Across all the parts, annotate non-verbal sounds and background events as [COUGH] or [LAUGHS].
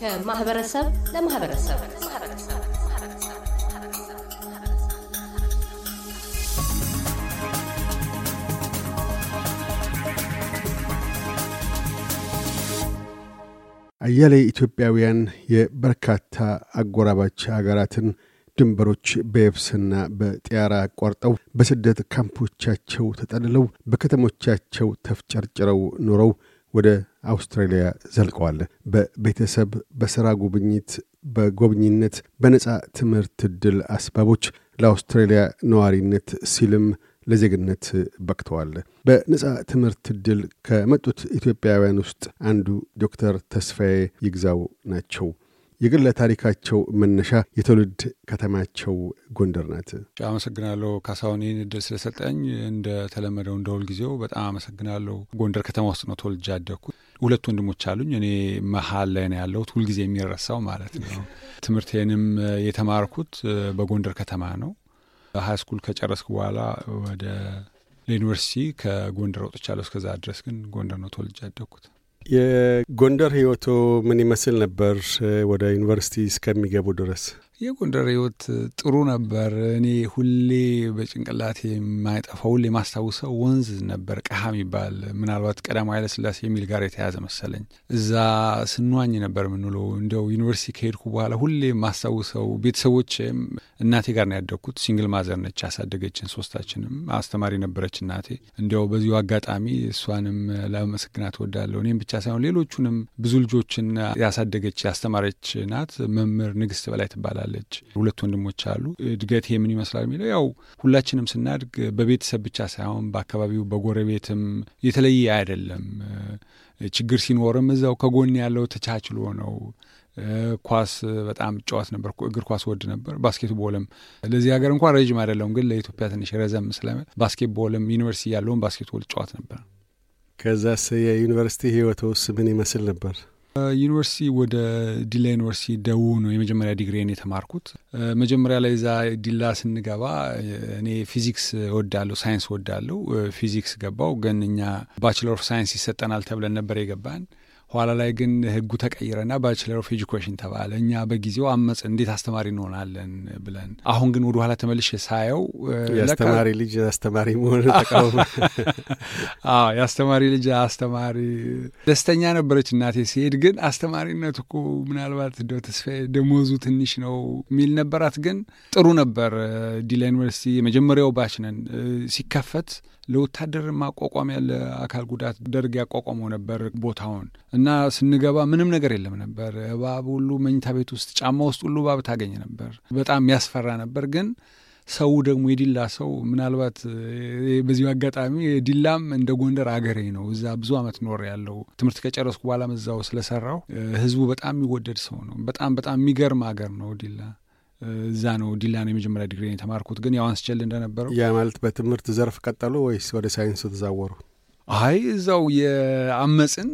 ከማህበረሰብ ለማህበረሰብ አያሌ ኢትዮጵያውያን የበርካታ አጎራባች አገራትን ድንበሮች በየብስና በጥያራ አቋርጠው በስደት ካምፖቻቸው ተጠልለው በከተሞቻቸው ተፍጨርጭረው ኑረው ወደ አውስትራሊያ ዘልቀዋል። በቤተሰብ በሥራ ጉብኝት፣ በጎብኝነት፣ በነፃ ትምህርት ዕድል አስባቦች ለአውስትራሊያ ነዋሪነት ሲልም ለዜግነት በቅተዋል። በነፃ ትምህርት ዕድል ከመጡት ኢትዮጵያውያን ውስጥ አንዱ ዶክተር ተስፋዬ ይግዛው ናቸው። የግለ ታሪካቸው መነሻ የትውልድ ከተማቸው ጎንደር ናት። አመሰግናለሁ ካሳሁን፣ ይህን እድል ስለሰጠኝ እንደተለመደው እንደ ሁልጊዜው በጣም አመሰግናለሁ። ጎንደር ከተማ ውስጥ ነው ተወልጄ ያደግኩት። ሁለት ወንድሞች አሉኝ። እኔ መሀል ላይ ነው ያለሁት፣ ሁልጊዜ የሚረሳው ማለት ነው። ትምህርቴንም የተማርኩት በጎንደር ከተማ ነው። ሀይ ስኩል ከጨረስኩ በኋላ ወደ ለዩኒቨርሲቲ ከጎንደር ወጥቻለሁ። እስከዛ ድረስ ግን ጎንደር ነው ተወልጄ ያደግኩት። የጎንደር ህይወቶ ምን ይመስል ነበር? ወደ ዩኒቨርሲቲ እስከሚገቡ ድረስ የጎንደር ህይወት ጥሩ ነበር። እኔ ሁሌ በጭንቅላት የማይጠፋው ሁሌ የማስታውሰው ወንዝ ነበር፣ ቀሃ የሚባል ምናልባት ቀዳማዊ ኃይለሥላሴ የሚል ጋር የተያዘ መሰለኝ። እዛ ስንዋኝ ነበር የምንውለው። እንደው ዩኒቨርሲቲ ከሄድኩ በኋላ ሁሌ የማስታውሰው ቤተሰቦች፣ እናቴ ጋር ነው ያደግኩት። ሲንግል ማዘር ነች ያሳደገችን፣ ሶስታችንም አስተማሪ ነበረች እናቴ። እንዲያው በዚሁ አጋጣሚ እሷንም ላመሰግናት እወዳለሁ። እኔም ብቻ ሳይሆን ሌሎቹንም ብዙ ልጆችን ያሳደገች ያስተማረች ናት። መምህር ንግስት በላይ ትባላል። ትባላለች። ሁለት ወንድሞች አሉ። እድገት ምን ይመስላል የሚለው ያው ሁላችንም ስናድግ በቤተሰብ ብቻ ሳይሆን በአካባቢው በጎረቤትም የተለየ አይደለም። ችግር ሲኖርም እዛው ከጎን ያለው ተቻችሎ ነው። ኳስ በጣም ጨዋት ነበር። እግር ኳስ ወድ ነበር። ቦልም ለዚህ ሀገር እንኳን ረዥም አይደለውም፣ ግን ለኢትዮጵያ ትንሽ ረዘም ስለ ቦልም ዩኒቨርሲቲ ያለውን ቦል ጨዋት ነበር። ከዛስ የዩኒቨርሲቲ ህይወት ውስጥ ምን ይመስል ነበር? ዩኒቨርሲቲ ወደ ዲላ ዩኒቨርሲቲ ደቡብ ነው የመጀመሪያ ዲግሪን የተማርኩት። መጀመሪያ ላይ እዛ ዲላ ስንገባ እኔ ፊዚክስ ወዳለሁ፣ ሳይንስ ወዳለሁ፣ ፊዚክስ ገባው። ግን እኛ ባችለር ኦፍ ሳይንስ ይሰጠናል ተብለን ነበር የገባን ኋላ ላይ ግን ህጉ ተቀይረና ባችለር ኦፍ ኤጁኬሽን ተባለ። እኛ በጊዜው አመፅ እንዴት አስተማሪ እንሆናለን ብለን። አሁን ግን ወደ ኋላ ተመልሼ ሳየው የአስተማሪ ልጅ አስተማሪ መሆን ተቃውሞ [LAUGHS] የአስተማሪ ልጅ አስተማሪ ደስተኛ ነበረች እናቴ ሲሄድ፣ ግን አስተማሪነት እኮ ምናልባት እንደው ተስፋዬ ደሞዙ ትንሽ ነው የሚል ነበራት። ግን ጥሩ ነበር። ዲላ ዩኒቨርሲቲ የመጀመሪያው ባች ነን ሲከፈት ለወታደር ማቋቋሚያ ለአካል ጉዳት ደርግ ያቋቋመው ነበር ቦታውን እና ስንገባ ምንም ነገር የለም ነበር። እባብ ሁሉ መኝታ ቤት ውስጥ ጫማ ውስጥ ሁሉ እባብ ታገኝ ነበር። በጣም ያስፈራ ነበር። ግን ሰው ደግሞ የዲላ ሰው ምናልባት በዚሁ አጋጣሚ ዲላም እንደ ጎንደር አገሬ ነው። እዛ ብዙ ዓመት ኖር ያለው ትምህርት ከጨረስኩ በኋላም እዛው ስለሰራው ህዝቡ በጣም የሚወደድ ሰው ነው። በጣም በጣም የሚገርም አገር ነው ዲላ። እዛ ነው ዲላ ነው የመጀመሪያ ዲግሪ የተማርኩት። ግን ያው አንስቼል እንደነበረው ያ ማለት በትምህርት ዘርፍ ቀጠሉ ወይስ ወደ ሳይንስ ተዛወሩ? አይ እዛው የአመፅን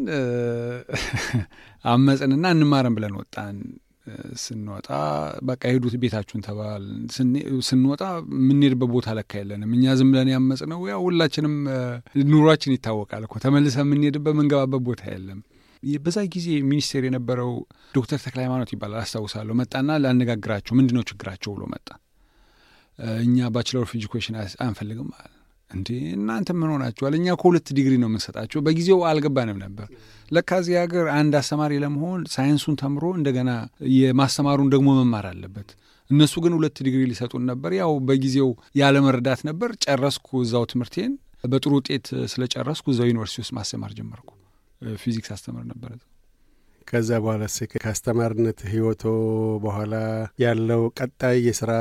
አመፅንና እንማረን ብለን ወጣን። ስንወጣ በቃ ሄዱት ቤታችሁን ተባል። ስንወጣ የምንሄድበት ቦታ ለካ የለንም። እኛ ዝም ብለን ያመፅ ነው። ያው ሁላችንም ኑሯችን ይታወቃል እኮ ተመልሰ የምንሄድበት ምንገባበት ቦታ የለም። በዛ ጊዜ ሚኒስቴር የነበረው ዶክተር ተክለ ሃይማኖት ይባላል አስታውሳለሁ። መጣና ላነጋግራቸው ምንድን ነው ችግራቸው ብሎ መጣ። እኛ ባችለር ኦፍ ኤጁኬሽን አንፈልግም አለ። እንዴ እናንተ ምን ሆናችኋል? እኛ ከሁለት ዲግሪ ነው የምንሰጣቸው። በጊዜው አልገባንም ነበር። ለካ እዚህ ሀገር አንድ አስተማሪ ለመሆን ሳይንሱን ተምሮ እንደገና የማስተማሩን ደግሞ መማር አለበት። እነሱ ግን ሁለት ዲግሪ ሊሰጡን ነበር። ያው በጊዜው ያለመረዳት ነበር። ጨረስኩ እዛው ትምህርቴን በጥሩ ውጤት ስለጨረስኩ እዛው ዩኒቨርሲቲ ውስጥ ማስተማር ጀመርኩ። ፊዚክስ አስተምር ነበረ። ከዛ በኋላ ስ ከአስተማርነት ህይወቶ በኋላ ያለው ቀጣይ የስራ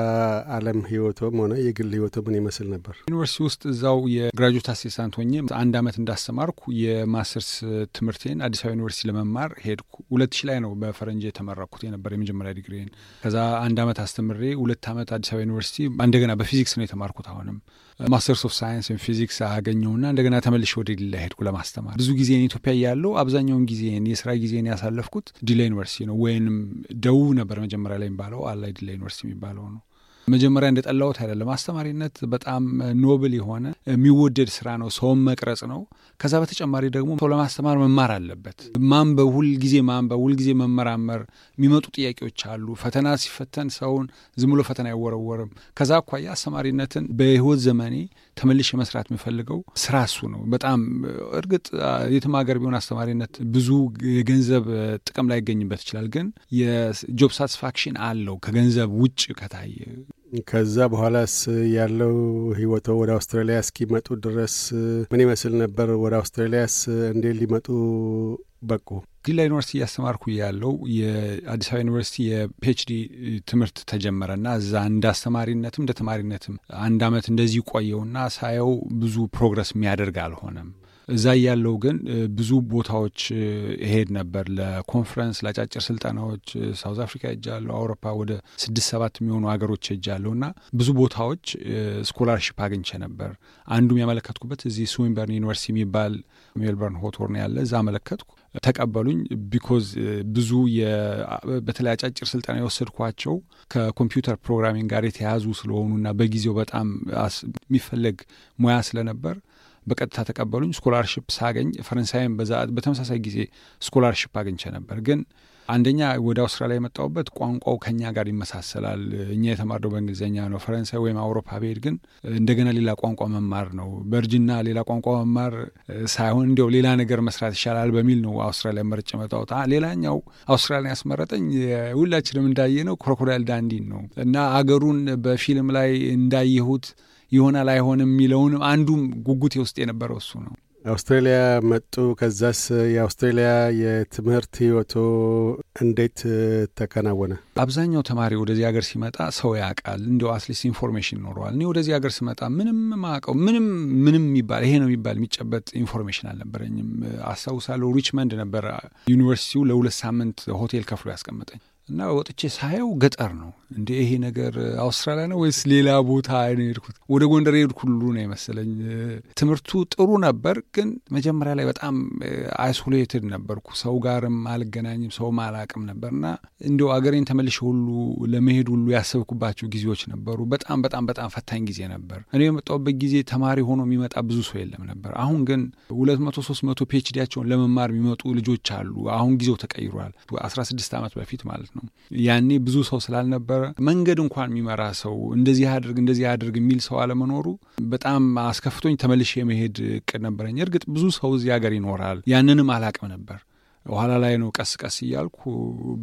አለም ህይወቶም ሆነ የግል ህይወቶ ምን ይመስል ነበር? ዩኒቨርሲቲ ውስጥ እዛው የግራጁዌት አሴሳንት ሆኜ አንድ አመት እንዳስተማርኩ የማስተርስ ትምህርቴን አዲስ አበባ ዩኒቨርሲቲ ለመማር ሄድኩ። ሁለት ሺ ላይ ነው በፈረንጅ የተመረኩት የነበር የመጀመሪያ ዲግሪን። ከዛ አንድ አመት አስተምሬ ሁለት አመት አዲስ አበባ ዩኒቨርሲቲ እንደገና በፊዚክስ ነው የተማርኩት አሁንም ማስተርስ ኦፍ ሳይንስ ፊዚክስ አገኘውና እንደገና ተመልሼ ወደ ዲላ ሄድኩ ለማስተማር። ብዙ ጊዜን ኢትዮጵያ እያለሁ አብዛኛውን ጊዜን የስራ ጊዜን ያሳለፍኩት ዲላ ዩኒቨርሲቲ ነው፣ ወይንም ደቡብ ነበር መጀመሪያ ላይ የሚባለው አላይ ዲላ ዩኒቨርሲቲ የሚባለው ነው። መጀመሪያ እንደጠላሁት አይደለም። አስተማሪነት በጣም ኖብል የሆነ የሚወደድ ስራ ነው። ሰውን መቅረጽ ነው። ከዛ በተጨማሪ ደግሞ ሰው ለማስተማር መማር አለበት። ማንበብ፣ ሁልጊዜ ማንበብ፣ ሁልጊዜ መመራመር። የሚመጡ ጥያቄዎች አሉ። ፈተና ሲፈተን ሰውን ዝም ብሎ ፈተና አይወረወርም። ከዛ አኳያ አስተማሪነትን በህይወት ዘመኔ ተመልሼ መስራት የሚፈልገው ስራ እሱ ነው። በጣም እርግጥ የትም ሀገር ቢሆን አስተማሪነት ብዙ የገንዘብ ጥቅም ላይገኝበት ይችላል። ግን የጆብ ሳትስፋክሽን አለው ከገንዘብ ውጭ ከታየ ከዛ በኋላስ ያለው ህይወቶ ወደ አውስትራሊያ እስኪመጡ ድረስ ምን ይመስል ነበር? ወደ አውስትራሊያስ እንዴት ሊመጡ በቁ? ዲላ ዩኒቨርሲቲ እያስተማርኩ ያለው የአዲስ አበባ ዩኒቨርሲቲ የፒኤችዲ ትምህርት ተጀመረ ና እዛ እንደ አስተማሪነትም እንደ ተማሪነትም አንድ አመት እንደዚህ ቆየውና ሳየው ብዙ ፕሮግረስ የሚያደርግ አልሆነም። እዛ ያለው ግን ብዙ ቦታዎች ሄድ ነበር፣ ለኮንፈረንስ ለአጫጭር ስልጠናዎች ሳውዝ አፍሪካ ሄጃለሁ፣ አውሮፓ ወደ ስድስት ሰባት የሚሆኑ ሀገሮች ሄጃለሁ እና ብዙ ቦታዎች ስኮላርሽፕ አግኝቼ ነበር። አንዱም ያመለከትኩበት እዚህ ስዊንበርን ዩኒቨርሲቲ የሚባል ሜልበርን ሆቶርን ያለ እዛ አመለከትኩ። ተቀበሉኝ። ቢኮዝ ብዙ በተለይ አጫጭር ስልጠና የወሰድኳቸው ከኮምፒውተር ፕሮግራሚንግ ጋር የተያዙ ስለሆኑና በጊዜው በጣም የሚፈለግ ሙያ ስለነበር በቀጥታ ተቀበሉኝ። ስኮላርሽፕ ሳገኝ ፈረንሳይን በዛት በተመሳሳይ ጊዜ ስኮላርሽፕ አግኝቼ ነበር። ግን አንደኛ ወደ አውስትራሊያ የመጣሁበት ቋንቋው ከኛ ጋር ይመሳሰላል። እኛ የተማርነው በእንግሊዝኛ ነው። ፈረንሳይ ወይም አውሮፓ ብሄድ ግን እንደገና ሌላ ቋንቋ መማር ነው። በእርጅና ሌላ ቋንቋ መማር ሳይሆን እንዲያው ሌላ ነገር መስራት ይሻላል በሚል ነው አውስትራሊያ መርጬ መጣሁት። ሌላኛው አውስትራሊያ ያስመረጠኝ ሁላችንም እንዳየ ነው ክሮኮዳይል ዳንዲን ነው እና አገሩን በፊልም ላይ እንዳየሁት ይሆናል አይሆንም የሚለውን አንዱም ጉጉቴ ውስጥ የነበረው እሱ ነው። አውስትራሊያ መጡ። ከዛስ የአውስትራሊያ የትምህርት ህይወቶ እንዴት ተከናወነ? አብዛኛው ተማሪ ወደዚህ ሀገር ሲመጣ ሰው ያውቃል፣ እንዲያው አትሊስት ኢንፎርሜሽን ይኖረዋል። እኔ ወደዚህ ሀገር ስመጣ ምንም ማቀው ምንም ምንም የሚባል ይሄ ነው የሚባል የሚጨበጥ ኢንፎርሜሽን አልነበረኝም። አስታውሳለሁ ሪችመንድ ነበር ዩኒቨርሲቲው ለሁለት ሳምንት ሆቴል ከፍሎ ያስቀመጠኝ እና ወጥቼ ሳየው ገጠር ነው እንደ ይሄ ነገር አውስትራሊያ ነው ወይስ ሌላ ቦታ ነው የሄድኩት? ወደ ጎንደር የሄድኩ ሁሉ ነው የመሰለኝ። ትምህርቱ ጥሩ ነበር፣ ግን መጀመሪያ ላይ በጣም አይሶሌትድ ነበርኩ። ሰው ጋርም አልገናኝም፣ ሰውም አላቅም ነበር እና እንዲሁ አገሬን ተመልሼ ሁሉ ለመሄድ ሁሉ ያሰብኩባቸው ጊዜዎች ነበሩ። በጣም በጣም በጣም ፈታኝ ጊዜ ነበር። እኔ የመጣሁበት ጊዜ ተማሪ ሆኖ የሚመጣ ብዙ ሰው የለም ነበር። አሁን ግን ሁለት መቶ ሶስት መቶ ፒኤችዲያቸውን ለመማር የሚመጡ ልጆች አሉ። አሁን ጊዜው ተቀይሯል። አስራ ስድስት ዓመት በፊት ማለት ነው ነው። ያኔ ብዙ ሰው ስላልነበረ መንገድ እንኳን የሚመራ ሰው እንደዚህ አድርግ እንደዚህ አድርግ የሚል ሰው አለመኖሩ በጣም አስከፍቶኝ ተመልሼ የመሄድ እቅድ ነበረኝ። እርግጥ ብዙ ሰው እዚህ ሀገር ይኖራል። ያንንም አላቅም ነበር። ኋላ ላይ ነው ቀስ ቀስ እያልኩ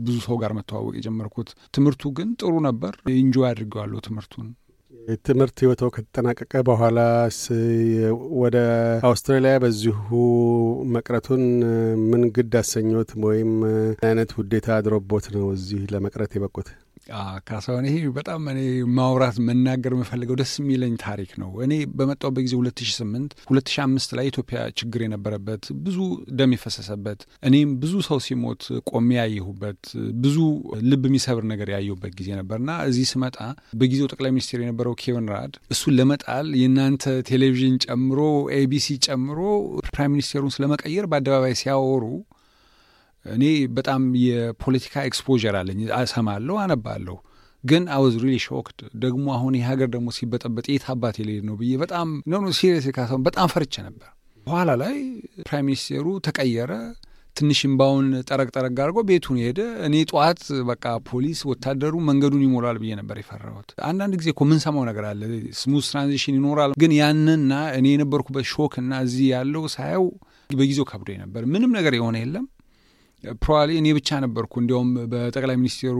ብዙ ሰው ጋር መተዋወቅ የጀመርኩት። ትምህርቱ ግን ጥሩ ነበር። እንጆ አድርገዋለሁ ትምህርቱን ትምህርት ህይወተው ከተጠናቀቀ በኋላ ወደ አውስትራሊያ በዚሁ መቅረቱን ምን ግድ አሰኞት ወይም አይነት ውዴታ አድሮቦት ነው እዚህ ለመቅረት የበቁት? ካሳሁን ይሄ በጣም እኔ ማውራት መናገር የምፈልገው ደስ የሚለኝ ታሪክ ነው። እኔ በመጣሁበት ጊዜ 2008 2005 ላይ ኢትዮጵያ ችግር የነበረበት ብዙ ደም የፈሰሰበት እኔም ብዙ ሰው ሲሞት ቆሜ ያየሁበት ብዙ ልብ የሚሰብር ነገር ያየሁበት ጊዜ ነበርና እዚህ ስመጣ በጊዜው ጠቅላይ ሚኒስትር የነበረው ኬቨን ራድ እሱን ለመጣል የእናንተ ቴሌቪዥን ጨምሮ ኤቢሲ ጨምሮ ፕራይም ሚኒስቴሩን ስለመቀየር በአደባባይ ሲያወሩ እኔ በጣም የፖለቲካ ኤክስፖዠር አለኝ። እሰማለሁ፣ አነባለሁ። ግን አወዝ ሪሊ ሾክድ ደግሞ አሁን የሀገር ደግሞ ሲበጠበጥ የት አባት የሌለ ነው ብዬ በጣም ነኑ ሲሪየስ ካሰ በጣም ፈርቼ ነበር። በኋላ ላይ ፕራይም ሚኒስቴሩ ተቀየረ። ትንሽ እምባውን ጠረቅ ጠረቅ አድርጎ ቤቱን ሄደ። እኔ ጠዋት በቃ ፖሊስ ወታደሩ መንገዱን ይሞላል ብዬ ነበር የፈራሁት። አንዳንድ ጊዜ እኮ ምንሰማው ነገር አለ፣ ስሙዝ ትራንዚሽን ይኖራል። ግን ያንና እኔ የነበርኩበት ሾክ እና እዚህ ያለው ሳየው በጊዜው ከብዶ ነበር። ምንም ነገር የሆነ የለም ፕሮባብሊ እኔ ብቻ ነበርኩ እንዲያውም በጠቅላይ ሚኒስትሩ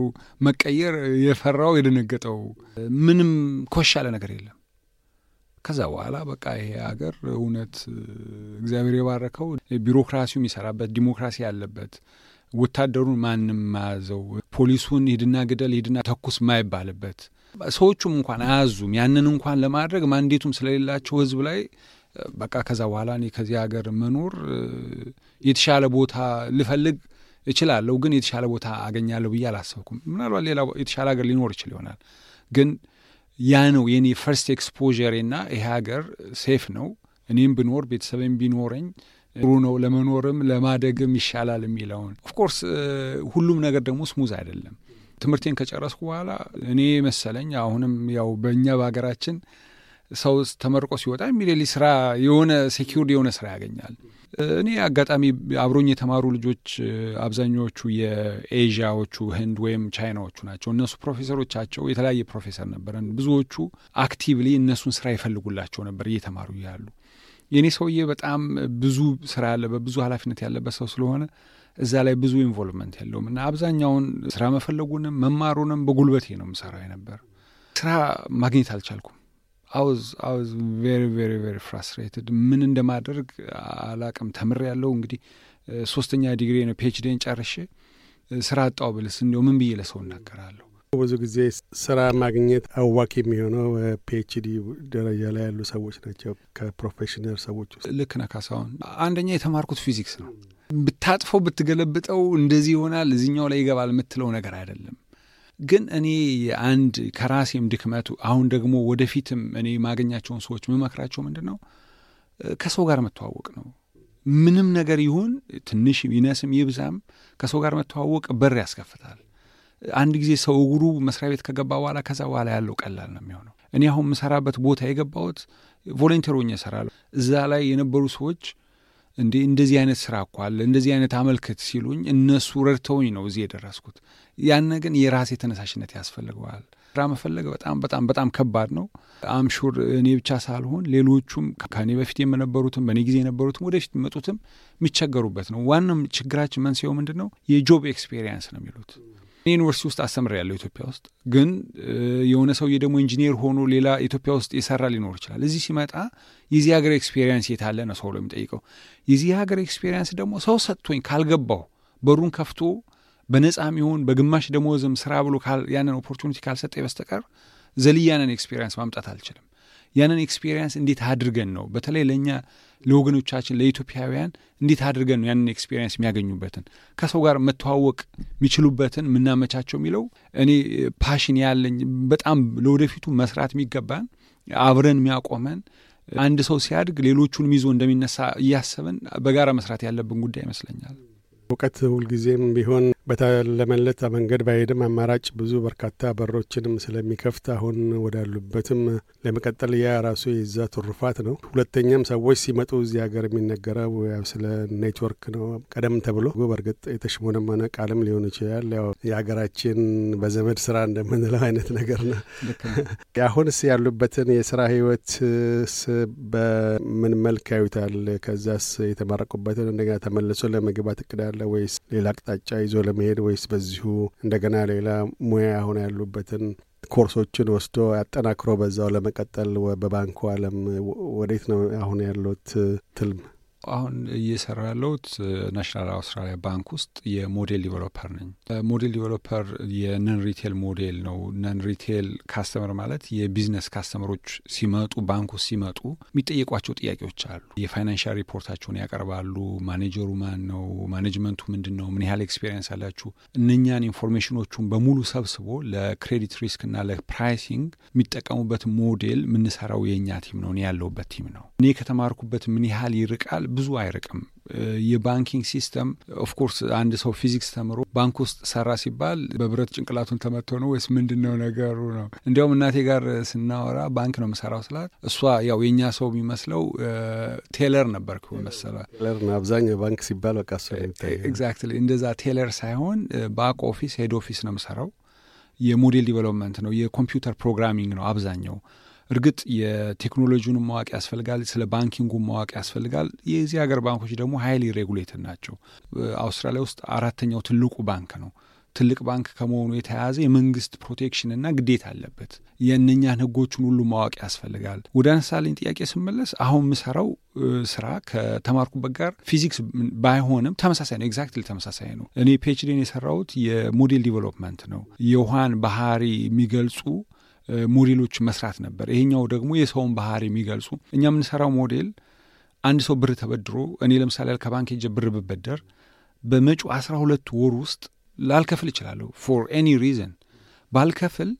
መቀየር የፈራው የደነገጠው። ምንም ኮሽ ያለ ነገር የለም። ከዛ በኋላ በቃ ይሄ ሀገር እውነት እግዚአብሔር የባረከው ቢሮክራሲው የሚሰራበት ዲሞክራሲ ያለበት ወታደሩን ማንም ማያዘው ፖሊሱን ሂድና ግደል ሂድና ተኩስ ማይባልበት ሰዎቹም እንኳን አያዙም። ያንን እንኳን ለማድረግ ማንዴቱም ስለሌላቸው ህዝብ ላይ በቃ ከዛ በኋላ እኔ ከዚህ ሀገር መኖር የተሻለ ቦታ ልፈልግ እችላለሁ፣ ግን የተሻለ ቦታ አገኛለሁ ብዬ አላሰብኩም። ምናልባት ሌላ የተሻለ ሀገር ሊኖር ይችል ይሆናል፣ ግን ያ ነው የኔ ፈርስት ኤክስፖዠሬና ይሄ ሀገር ሴፍ ነው፣ እኔም ብኖር ቤተሰብም ቢኖረኝ ጥሩ ነው፣ ለመኖርም ለማደግም ይሻላል የሚለውን ኦፍኮርስ፣ ሁሉም ነገር ደግሞ ስሙዝ አይደለም። ትምህርቴን ከጨረስኩ በኋላ እኔ መሰለኝ አሁንም ያው በእኛ በሀገራችን ሰው ተመርቆ ሲወጣ የሚሌሊ ስራ የሆነ ሴኪውርድ የሆነ ስራ ያገኛል። እኔ አጋጣሚ አብሮኝ የተማሩ ልጆች አብዛኛዎቹ የኤዥያዎቹ ህንድ ወይም ቻይናዎቹ ናቸው። እነሱ ፕሮፌሰሮቻቸው የተለያየ ፕሮፌሰር ነበረን። ብዙዎቹ አክቲቭሊ እነሱን ስራ ይፈልጉላቸው ነበር እየተማሩ ያሉ። የእኔ ሰውዬ በጣም ብዙ ስራ ያለበት ብዙ ኃላፊነት ያለበት ሰው ስለሆነ እዛ ላይ ብዙ ኢንቮልቭመንት የለውም እና አብዛኛውን ስራ መፈለጉንም መማሩንም በጉልበቴ ነው የምሰራው ነበር። ስራ ማግኘት አልቻልኩም። አውዝ አውዝ ቬሪ ቬሪ ቬሪ ፍራስትሬትድ ምን እንደማደርግ አላቅም። ተምር ያለው እንግዲህ ሶስተኛ ዲግሪ ነው ፒኤችዲን ጨርሼ ስራ አጣው ብልስ እንዲ ምን ብዬ ለሰው እናገራለሁ? ብዙ ጊዜ ስራ ማግኘት አዋኪ የሚሆነው ፒኤችዲ ደረጃ ላይ ያሉ ሰዎች ናቸው። ከፕሮፌሽናል ሰዎች ውስጥ ልክ ነህ ካሳሁን። አንደኛ የተማርኩት ፊዚክስ ነው። ብታጥፈው ብትገለብጠው እንደዚህ ይሆናል እዚህኛው ላይ ይገባል የምትለው ነገር አይደለም። ግን እኔ አንድ ከራሴም ድክመቱ አሁን ደግሞ ወደፊትም እኔ የማገኛቸውን ሰዎች መመክራቸው ምንድን ነው ከሰው ጋር መተዋወቅ ነው። ምንም ነገር ይሁን ትንሽ ይነስም ይብዛም ከሰው ጋር መተዋወቅ በር ያስከፍታል። አንድ ጊዜ ሰው እግሩ መስሪያ ቤት ከገባ በኋላ ከዛ በኋላ ያለው ቀላል ነው የሚሆነው። እኔ አሁን የምሰራበት ቦታ የገባሁት ቮለንቴሮኝ እሰራለሁ። እዛ ላይ የነበሩ ሰዎች እንዲ እንደዚህ አይነት ስራ እኮ አለ እንደዚህ አይነት አመልከት ሲሉኝ እነሱ ረድተውኝ ነው እዚህ የደረስኩት። ያነ ግን የራሴ ተነሳሽነት ያስፈልገዋል። ስራ መፈለግ በጣም በጣም በጣም ከባድ ነው። አምሹር እኔ ብቻ ሳልሆን ሌሎቹም ከእኔ በፊት የነበሩትም በእኔ ጊዜ የነበሩትም ወደፊት መጡትም የሚቸገሩበት ነው። ዋናም ችግራችን መንስኤው ምንድን ነው? የጆብ ኤክስፔሪየንስ ነው የሚሉት ዩኒቨርሲቲ ውስጥ አስተምር ያለው ኢትዮጵያ ውስጥ ግን የሆነ ሰውዬ ደግሞ ኢንጂኒየር ሆኖ ሌላ ኢትዮጵያ ውስጥ የሰራ ሊኖር ይችላል። እዚህ ሲመጣ የዚህ ሀገር ኤክስፔሪንስ የታለ ነው ሰው የሚጠይቀው። የዚህ ሀገር ኤክስፔሪንስ ደግሞ ሰው ሰጥቶኝ ካልገባው በሩን ከፍቶ በነፃ ሚሆን በግማሽ ደሞዝም ስራ ብሎ ያንን ኦፖርቹኒቲ ካልሰጠ በስተቀር ዘልያንን ኤክስፔሪንስ ማምጣት አልችልም። ያንን ኤክስፔሪንስ እንዴት አድርገን ነው በተለይ ለእኛ ለወገኖቻችን ለኢትዮጵያውያን እንዴት አድርገን ነው ያንን ኤክስፔሪንስ የሚያገኙበትን ከሰው ጋር መተዋወቅ የሚችሉበትን የምናመቻቸው የሚለው እኔ ፓሽን ያለኝ በጣም ለወደፊቱ መስራት የሚገባን አብረን የሚያቆመን አንድ ሰው ሲያድግ ሌሎቹን ይዞ እንደሚነሳ እያሰብን በጋራ መስራት ያለብን ጉዳይ ይመስለኛል። እውቀት ሁልጊዜም ቢሆን በታለመለት መንገድ ባይሄድም አማራጭ ብዙ በርካታ በሮችንም ስለሚከፍት አሁን ወዳሉበትም ለመቀጠል ያ ራሱ የዛ ትሩፋት ነው። ሁለተኛም ሰዎች ሲመጡ እዚህ ሀገር የሚነገረው ያው ስለ ኔትወርክ ነው። ቀደም ተብሎ በእርግጥ የተሽሞነመነ ቃልም ሊሆን ይችላል። ያው የሀገራችን በዘመድ ስራ እንደምንለው አይነት ነገር ነው። አሁንስ ያሉበትን የስራ ህይወትስ በምን መልክ ያዩታል? ከዛስ የተመረቁበትን እንደገና ተመልሶ ለመግባት እቅዳል አለ ወይስ ሌላ አቅጣጫ ይዞ ለመሄድ ወይስ በዚሁ እንደገና ሌላ ሙያ አሁን ያሉበትን ኮርሶችን ወስዶ አጠናክሮ በዛው ለመቀጠል በባንኩ አለም ወዴት ነው አሁን ያሉት ትልም? አሁን እየሰራ ያለሁት ናሽናል አውስትራሊያ ባንክ ውስጥ የሞዴል ዲቨሎፐር ነኝ። ሞዴል ዲቨሎፐር የነን ሪቴል ሞዴል ነው። ነን ሪቴል ካስተመር ማለት የቢዝነስ ካስተመሮች ሲመጡ ባንክ ውስጥ ሲመጡ የሚጠየቋቸው ጥያቄዎች አሉ። የፋይናንሻል ሪፖርታቸውን ያቀርባሉ። ማኔጀሩ ማን ነው? ማኔጅመንቱ ምንድን ነው? ምን ያህል ኤክስፔሪንስ አላችሁ? እነኛን ኢንፎርሜሽኖቹን በሙሉ ሰብስቦ ለክሬዲት ሪስክ እና ለፕራይሲንግ የሚጠቀሙበት ሞዴል የምንሰራው የእኛ ቲም ነው። እኔ ያለሁበት ቲም ነው። እኔ ከተማርኩበት ምን ያህል ይርቃል ብዙ አይርቅም። የባንኪንግ ሲስተም ኦፍኮርስ አንድ ሰው ፊዚክስ ተምሮ ባንክ ውስጥ ሰራ ሲባል በብረት ጭንቅላቱን ተመቶ ነው ወይስ ምንድን ነው ነገሩ? ነው እንዲያውም እናቴ ጋር ስናወራ ባንክ ነው የምሰራው ስላት እሷ ያው የእኛ ሰው የሚመስለው ቴለር ነበር መሰላት። አብዛኛው ባንክ ሲባል በቃ ኤግዛክትሊ እንደዛ ቴለር ሳይሆን ባክ ኦፊስ ሄድ ኦፊስ ነው የምሰራው። የሞዴል ዲቨሎፕመንት ነው የኮምፒውተር ፕሮግራሚንግ ነው አብዛኛው እርግጥ የቴክኖሎጂውንም ማወቅ ያስፈልጋል፣ ስለ ባንኪንጉ ማወቅ ያስፈልጋል። የዚህ ሀገር ባንኮች ደግሞ ሀይሊ ሬጉሌትድ ናቸው። አውስትራሊያ ውስጥ አራተኛው ትልቁ ባንክ ነው። ትልቅ ባንክ ከመሆኑ የተያያዘ የመንግስት ፕሮቴክሽንና ግዴታ አለበት። የእነኛን ህጎችን ሁሉ ማወቅ ያስፈልጋል። ወደ አነሳልኝ ጥያቄ ስመለስ አሁን የምሰራው ስራ ከተማርኩበት ጋር ፊዚክስ ባይሆንም ተመሳሳይ ነው። ኤግዛክትሊ ተመሳሳይ ነው። እኔ ፒኤችዲን የሰራሁት የሞዴል ዲቨሎፕመንት ነው። የውሃን ባህሪ የሚገልጹ ሞዴሎች መስራት ነበር። ይሄኛው ደግሞ የሰውን ባህሪ የሚገልጹ እኛ የምንሰራው ሞዴል አንድ ሰው ብር ተበድሮ እኔ ለምሳሌ ከባንክ ሄጄ ብር ብበደር በመጪው አስራ ሁለት ወር ውስጥ ላልከፍል እችላለሁ። ፎር ኤኒ ሪዝን ባልከፍል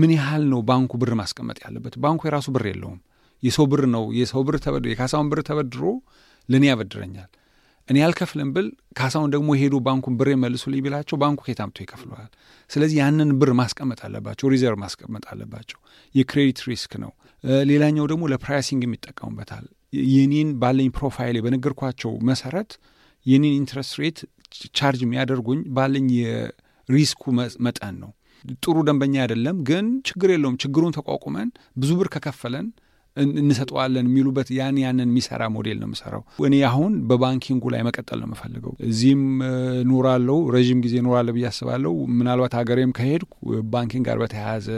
ምን ያህል ነው ባንኩ ብር ማስቀመጥ ያለበት? ባንኩ የራሱ ብር የለውም፣ የሰው ብር ነው። የሰው ብር ተበድሮ የካሳውን ብር ተበድሮ ለእኔ ያበድረኛል። እኔ ያልከፍልም ብል ካሳሁን ደግሞ ሄዱ ባንኩን ብር መልሱልኝ ቢላቸው ባንኩ ከየት አምጥቶ ይከፍለዋል? ስለዚህ ያንን ብር ማስቀመጥ አለባቸው፣ ሪዘርቭ ማስቀመጥ አለባቸው። የክሬዲት ሪስክ ነው። ሌላኛው ደግሞ ለፕራይሲንግ የሚጠቀሙበታል። የኔን ባለኝ ፕሮፋይል በነገርኳቸው መሰረት የኔን ኢንትረስት ሬት ቻርጅ የሚያደርጉኝ ባለኝ የሪስኩ መጠን ነው። ጥሩ ደንበኛ አይደለም፣ ግን ችግር የለውም። ችግሩን ተቋቁመን ብዙ ብር ከከፈለን እንሰጠዋለን የሚሉበት ያን ያንን የሚሰራ ሞዴል ነው የምሰራው። እኔ አሁን በባንኪንጉ ላይ መቀጠል ነው የምፈልገው። እዚህም ኖራለሁ፣ ረዥም ጊዜ ኖራለሁ ብዬ አስባለሁ። ምናልባት ሀገሬም ከሄድኩ ባንኪንግ ጋር በተያያዘ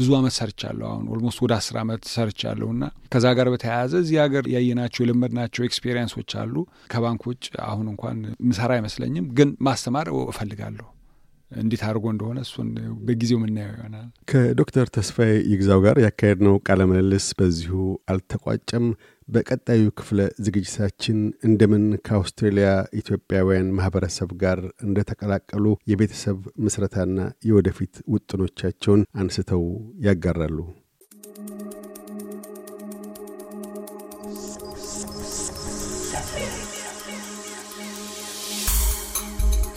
ብዙ አመት ሰርቻለሁ። አሁን ኦልሞስት ወደ አስር ዓመት ሰርቻለሁ እና ከዛ ጋር በተያያዘ እዚህ ሀገር ያየናቸው የለመድናቸው ኤክስፔሪንሶች አሉ። ከባንክ ውጭ አሁን እንኳን ምሰራ አይመስለኝም፣ ግን ማስተማር እፈልጋለሁ። እንዴት አድርጎ እንደሆነ እሱን በጊዜው የምናየው ይሆናል። ከዶክተር ተስፋዬ ይግዛው ጋር ያካሄድነው ቃለ ምልልስ በዚሁ አልተቋጨም። በቀጣዩ ክፍለ ዝግጅታችን እንደምን ከአውስትሬልያ ኢትዮጵያውያን ማህበረሰብ ጋር እንደተቀላቀሉ የቤተሰብ ምስረታና የወደፊት ውጥኖቻቸውን አንስተው ያጋራሉ።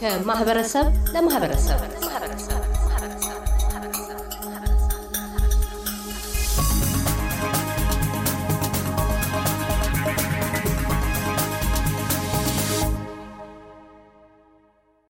ከማህበረሰብ ለማህበረሰብ